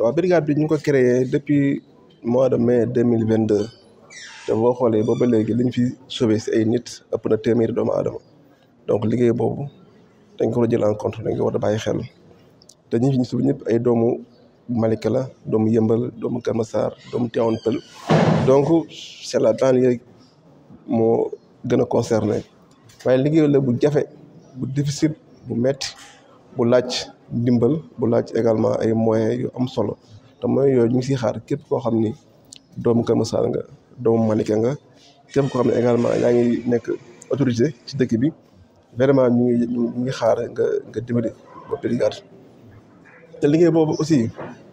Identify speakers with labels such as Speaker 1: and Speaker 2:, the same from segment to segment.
Speaker 1: waaw brigade bi ñu ngi ko créé depuis mois de mai deux mille vingt deux te boo xoolee boobu ba léegi liñ fi sauvé si ay nit ëpp na téeméeri doomu aadama donc liggéey boobu dañ ko war a jël en compte dañ ko war a bàyyi xel te ñi fi ñu sauvé ñëpp ay doomu Malika la doomu Yëmbal doomu Kër Massar doomu Tivaouane Peul donc c'est la banlieue moo gën a concerné waaye liggéey la bu jafe bu difficile bu metti bu laaj. dimbal bu laaj également ay moyens yu am solo te mooy yooyu ñu ngi siy xaar képp koo xam ni doomu Kër Massar nga doomu Malika nga képp koo xam ne également yaa ngi nekk autorité ci dëkk bi vraiment ñu ngi ñu nga nga dimbali ba te liggéey boobu aussi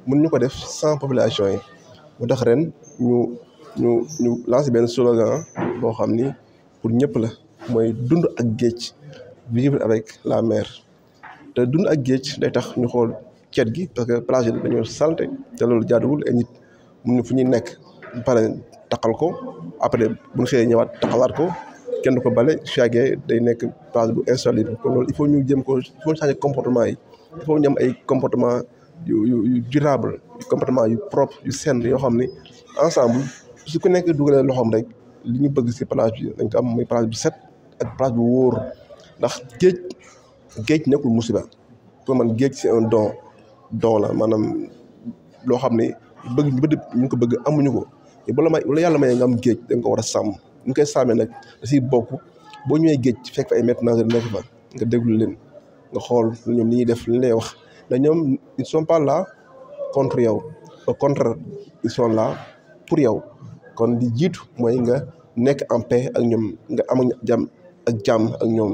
Speaker 1: mën ñu ko def sans population yi mu tax ren ñu ñu ñu lancé benn slogan boo xam ni pour ñëpp la mooy dund ak géej vivre avec la mer te dund ak géej day tax ñu xool ceet gi parce que plage yi dañoo salte te loolu jaaduwul ay nit mun ñu fu ñuy nekk pare taqal ko après bu ñu xëyee ñëwaat taqalaat ko kenn ko bale chaque day nekk plage bu insalubre kon loolu il faut ñu jëm ko il faut ñu yi il faut ay comportement yu yu durable comportement yu propre yu sain yoo xam ne ensemble su ko nekk dugalee loxoom rek li ñu bëgg si plage bi dañ ko am muy plage bu set ak plage bu wóor ndax géej géej nekkul musiba pour man géej c'est un don don la maanaam loo xam ne bëgg ñu bëgg ñu ko bëgg amuñu ko bala may wala yàlla may nga am géej da nga ko war a sàmm ñu koy sàmmee nag da siy bokk boo ñëwee géej fekk fa ay maintenance nekk fa nga déglu leen nga xool ñoom li ñuy def nu lay wax da ñoom ils sont pas là contre yow la pour yow kon di jiitu mooy nga nekk en paix ak ñoom nga am jàmm ak jàmm ak ñoom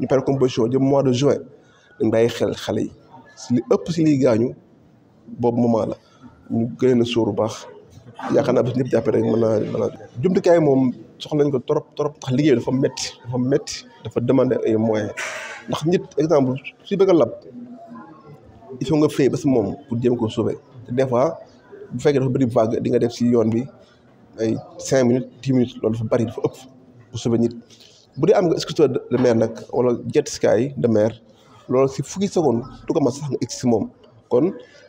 Speaker 1: ñu pare compétition jëm mois de juin dañ bàyyi xel xale yi si li ëpp si li gaañu boobu moment la ñu gën leen a bu baax yaakaar naa bis ñëpp jàppee rek mën naa mën naa jumtukaay moom soxla nañ ko trop trop ndax liggéey dafa metti dafa metti dafa demander ay moyens ndax nit exemple si bëgg a lab il faut nga fay ba si moom pour jéem ko sauver te des fois bu fekkee dafa bëri vague di nga def si yoon bi ay cinq minutes dix minutes loolu dafa bari dafa ëpp pour sauver nit bu dee am nga scooter de mer nag wala jet ski de mer loolu si fukki seconde du ko mas sax nga egg si moom kon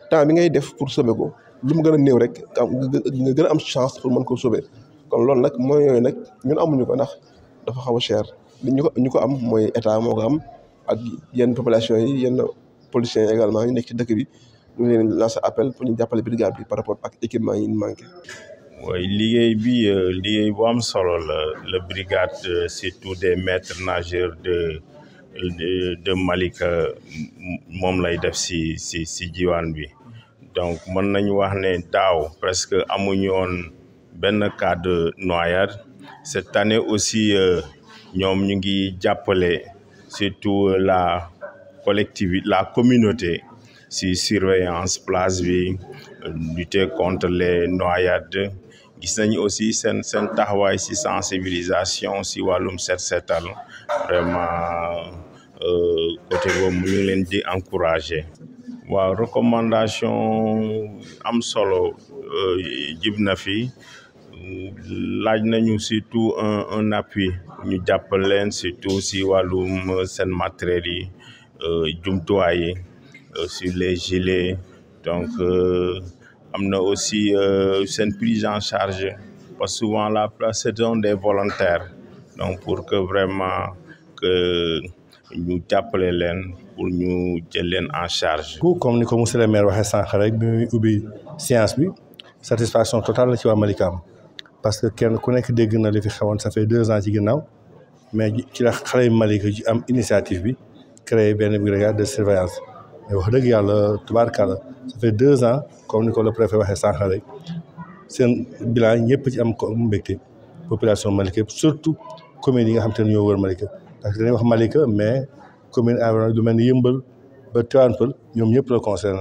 Speaker 1: temps bi ngay def pour sauver ko lu mu gën a néew rek nga gën a am chance pour mën ko sauver kon loolu nag mooy yooyu nag ñun amuñu ko nax dafa xaw a cher li ñu ko ñu ko am mooy état moo ko am ak yenn population yi yenn policiers yi également ñu nekk ci dëkk bi ñu leen lancer appel pour ñu jàppale brigade bi par rapport ak équipement yi ñu manqué.
Speaker 2: Oui, liggéey bi euh, liggéey bu am solo la la brigade euh, surtout des maîtres nageurs de de Malika moom lay def si si si jiwaan bi donc mën nañu wax ne daaw presque amuñu woon cas de noyade cette année aussi euh, ñoom ñu ngi jàppale surtout la collectivité la communauté sur surveillance place bi lutter contre les noyades gis nañu aussi sen seen taxawaay si sensibilisation si walum set setal vraiment euh, côté boobu mu leen di encourager wa recommandation am solo euh na fi laaj nañu surtout un un appui ñu jappal leen surtout si walum sen matériel yi euh, jumtuwaay yi euh, sur les gilets donc amna aussi aussi euh, une prise en charge parce que souvent la place c'est des volontaires donc pour que vraiment que ñu les leen pour nous jël en charge.
Speaker 3: comme nous commençons monsieur le maire waxee sànq rek bi muy séance bi satisfaction totale sur ci Malika parce que quand ku connaît dégg na li fi xawoon ça fait deux ans ci ginnaaw mais ci la créé yu Malika ji am initiative bi créer une brigade de surveillance. mais wax dëgg yàlla tubaarkàlla ça fait deux ans comme ni ko le préfet waxee sànq seen bilan ñëpp ci am ko mbégte population Malika surtout communes yi nga xam te ne ñoo wër Malika parce que dañuy wax Malika mais commune lu mel ni Yëmbal ba Tivaouane Peulh ñoom ñëpp la concerné